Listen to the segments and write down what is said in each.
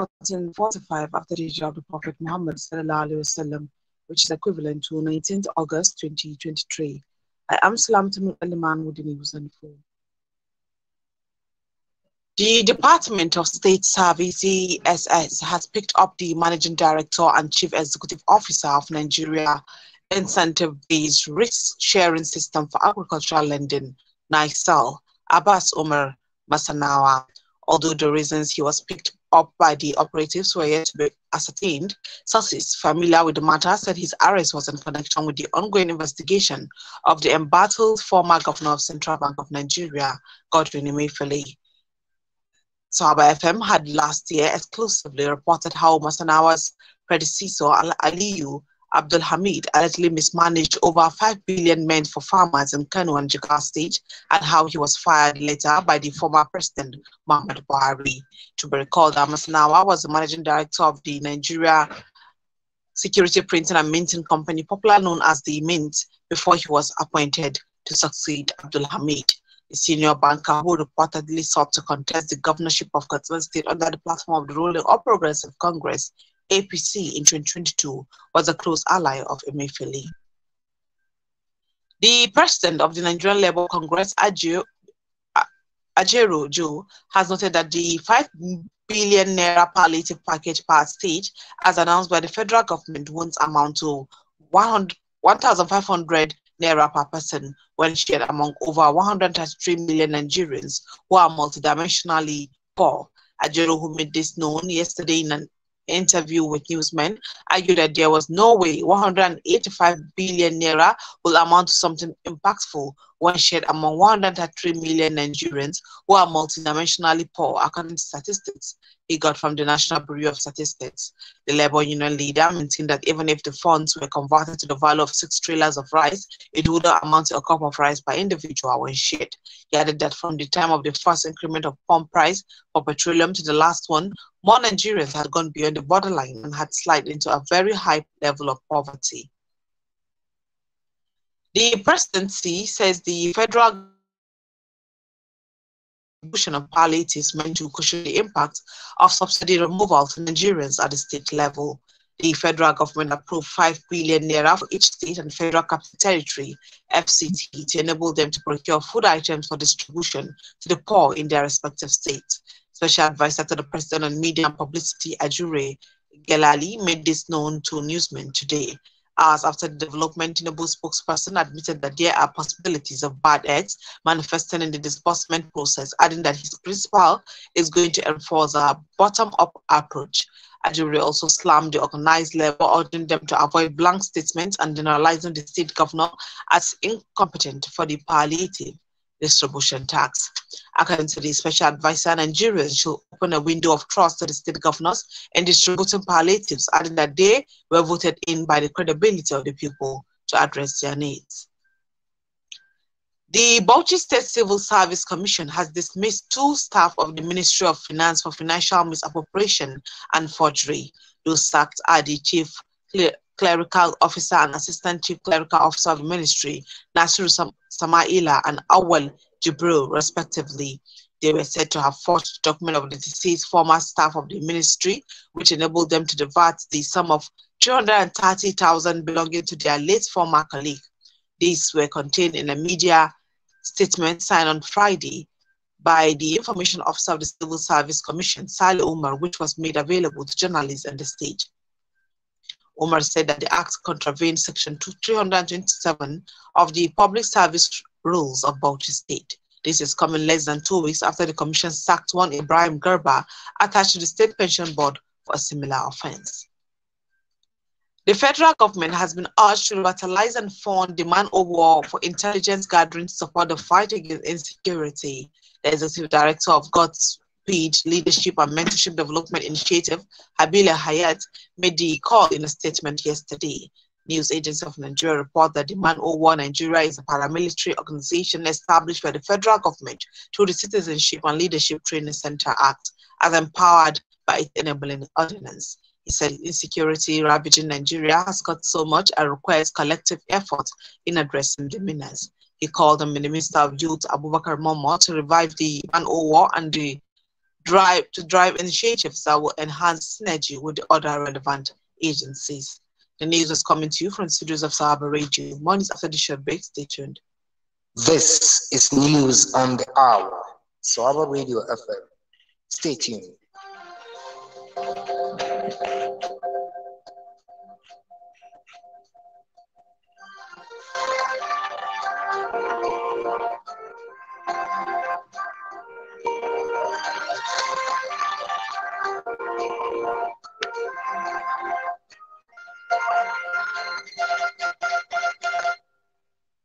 1445 after the hijab of Prophet Muhammad وسلم, which is equivalent to 19th August 2023. I am Salam Tamil Aliman Mudini Husanfu. The Department of State Service DSS has picked up the Managing Director and Chief Executive Officer of Nigeria Incentive-Based Risk Sharing System for Agricultural Lending, NISAL, Abbas Omar Masanawa, although the reasons he was picked up by the operatives who are yet to be ascertained. Sources familiar with the matter said his arrest was in connection with the ongoing investigation of the embattled former governor of Central Bank of Nigeria, Godwin Emefiele. Sahaba FM had last year exclusively reported how Masanawa's predecessor, Al Aliyu, Abdul Hamid allegedly mismanaged over 5 billion men for farmers in Kano and Jakarta state and how he was fired later by the former president, Muhammad Buhari. To be recalled, Amasnawa was the managing director of the Nigeria Security Printing and Minting Company, popularly known as the Mint, before he was appointed to succeed Abdul Hamid. A senior banker who reportedly sought to contest the governorship of Katsina State under the platform of the ruling All Progressive Congress APC in 2022 was a close ally of Emefiele. The president of the Nigerian Labour Congress, Ajero Joe, has noted that the 5 billion naira palliative package per state, as announced by the federal government, won't amount to 1,500 naira per person when shared among over 133 million Nigerians who are multidimensionally poor. Ajero, who made this known yesterday in an interview with Newsman, argued that there was no way 185 billion naira will amount to something impactful one shared among 133 million Nigerians who are multidimensionally poor, according to statistics he got from the National Bureau of Statistics. The Labour Union leader maintained that even if the funds were converted to the value of six trailers of rice, it would not amount to a cup of rice per individual when shared. He added that from the time of the first increment of pump price for petroleum to the last one, more Nigerians had gone beyond the borderline and had slid into a very high level of poverty. The presidency says the federal distribution of palliative is meant to cushion the impact of subsidy removal to Nigerians at the state level. The federal government approved 5 billion naira for each state and federal capital territory (FCT) to enable them to procure food items for distribution to the poor in their respective states. Special advisor to the president on media and publicity, Ajure Gelali, made this known to newsmen today hours after the development, Tinubu spokesperson admitted that there are possibilities of bad eggs manifesting in the disbursement process, adding that his principal is going to enforce a bottom-up approach. Ajuri also slammed the organized labor, ordering them to avoid blank statements and generalizing the state governor as incompetent for the palliative distribution tax. According to the special advisor, Nigerians should open a window of trust to the state governors and distributing palliatives, adding that they were voted in by the credibility of the people to address their needs. The Bauchi State Civil Service Commission has dismissed two staff of the Ministry of Finance for financial misappropriation and forgery. Those sacked are the Chief Clerical Officer and Assistant Chief Clerical Officer of the Ministry, Nasir Sam- Samaila and Awal Jibril, respectively. They were said to have forged documents document of the deceased former staff of the ministry, which enabled them to divert the sum of 230,000 belonging to their late former colleague. These were contained in a media statement signed on Friday by the Information Officer of the Civil Service Commission, Saleh Umar, which was made available to journalists and the state. Omar said that the act contravenes Section 327 of the Public Service Rules of Bauchi State. This is coming less than two weeks after the Commission sacked one Ibrahim Gerba attached to the State Pension Board for a similar offense. The federal government has been urged to revitalize and fund demand overall for intelligence gathering to support the fight against insecurity. The executive director of God's Speech, Leadership and Mentorship Development Initiative, Habila Hayat, made the call in a statement yesterday. News Agency of Nigeria report that the Man One Nigeria is a paramilitary organization established by the federal government through the Citizenship and Leadership Training Center Act, as empowered by its enabling ordinance. He said insecurity ravaging Nigeria has got so much and requires collective effort in addressing the menace. He called on the Minister of Youth, Abubakar Momo, to revive the Man One and the drive to drive initiatives that will enhance synergy with the other relevant agencies. The news is coming to you from studios of Sahaba Radio. Mornings after the show break, stay tuned. This is News on the Hour, Sahaba Radio FM. Stay tuned.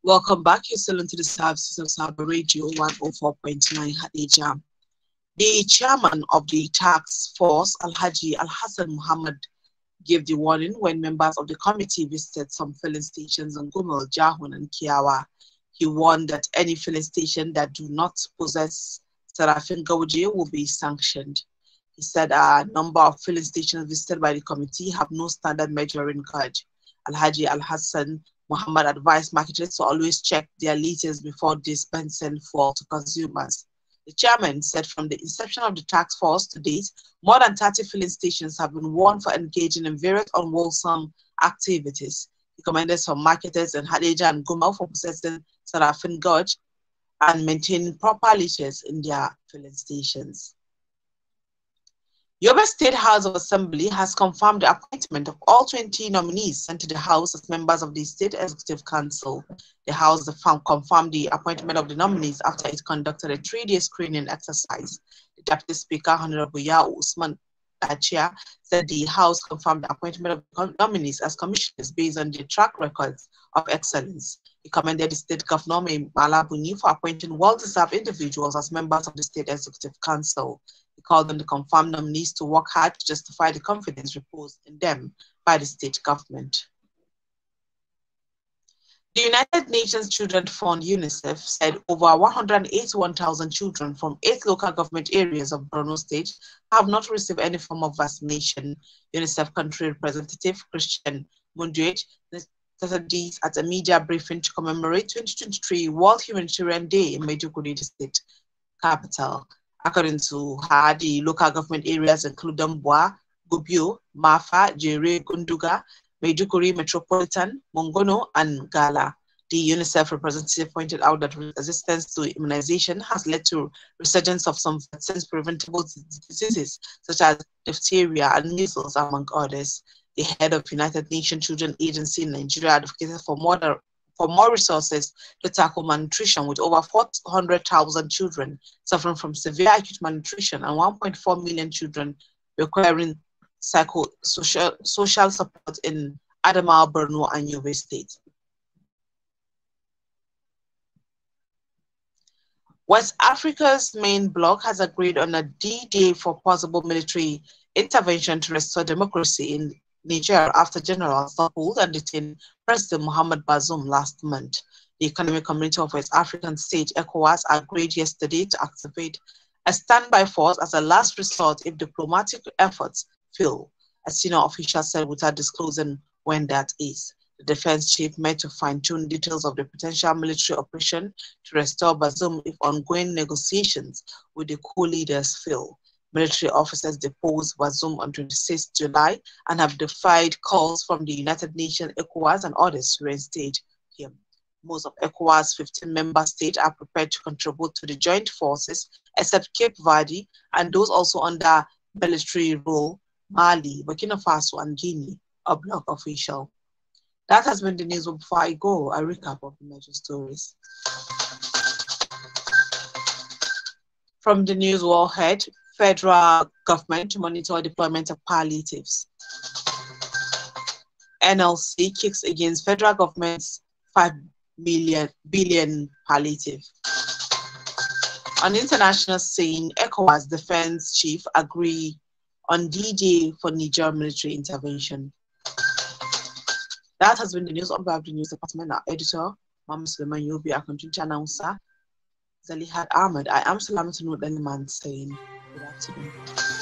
Welcome back. You're still into the services of Sabah Radio 104.9 Hadija. The chairman of the tax force, Alhaji Al Hassan Muhammad, gave the warning when members of the committee visited some filling stations in Gumel, Jahun, and Kiawa. He warned that any filling station that do not possess Serafin Gauje will be sanctioned. He said a number of filling stations visited by the committee have no standard measuring gauge. Alhaji Al Hassan Muhammad advised marketers to always check their liters before dispensing fuel to consumers. The chairman said from the inception of the tax force to date, more than 30 filling stations have been warned for engaging in various unwholesome activities. He commended some marketers in Hadija and Guma for possessing Sarafin Gorge and maintaining proper liters in their filling stations. Yoruba State House of Assembly has confirmed the appointment of all 20 nominees sent to the House as members of the State Executive Council. The House confirmed the appointment of the nominees after it conducted a three-day screening exercise. The Deputy Speaker, Honorable Yao Usman Achia, said the House confirmed the appointment of the nominees as commissioners based on their track records of excellence. He commended the state governor, Malabuni, for appointing well-deserved individuals as members of the State Executive Council call on the confirmed nominees to work hard to justify the confidence reposed in them by the state government. The United Nations Children Fund, UNICEF, said over 181,000 children from eight local government areas of Borno State have not received any form of vaccination. UNICEF country representative Christian said this at a media briefing to commemorate 2023 World Humanitarian Day in Maiduguri State capital according to her, the local government areas include Damboa, Gubio, Mafa, Jere, Gunduga, Maiduguri Metropolitan, Mongono, and Gala. The UNICEF representative pointed out that resistance to immunization has led to resurgence of some vaccines preventable diseases such as diphtheria and measles, among others. The head of United Nations Children Agency in Nigeria advocated for more for more resources to tackle malnutrition, with over 400,000 children suffering from severe acute malnutrition and 1.4 million children requiring psycho- social, social support in Adamawa, Borno, and Yobe State. West Africa's main bloc has agreed on a D-Day for possible military intervention to restore democracy in Niger after General Sahul and detained President Mohamed Bazoum last month. The Economic Community of West African States, ECOWAS, agreed yesterday to activate a standby force as a last resort if diplomatic efforts fail, a senior official said without disclosing when that is. The defense chief met to fine-tune details of the potential military operation to restore Bazoum if ongoing negotiations with the coup leaders fail military officers deposed Wazum on 26 July and have defied calls from the United Nations, ECOWAS, and others to reinstate him. Most of ECOWAS' 15 member states are prepared to contribute to the joint forces, except Cape Verde and those also under military rule, Mali, Burkina Faso, and Guinea, a bloc official. That has been the news. Before I go, a recap of the major stories. From the news warhead, federal government to monitor deployment of palliatives. NLC kicks against federal government's 5 million, billion palliative. On international scene, ECOWAS defense chief agree on D-Day for Niger military intervention. That has been the news on the News Department. Our editor, Mama Suleiman Yobi, our continuing announcer, Zalihad Ahmed. I am Salamatun Udaniman saying. 怎么？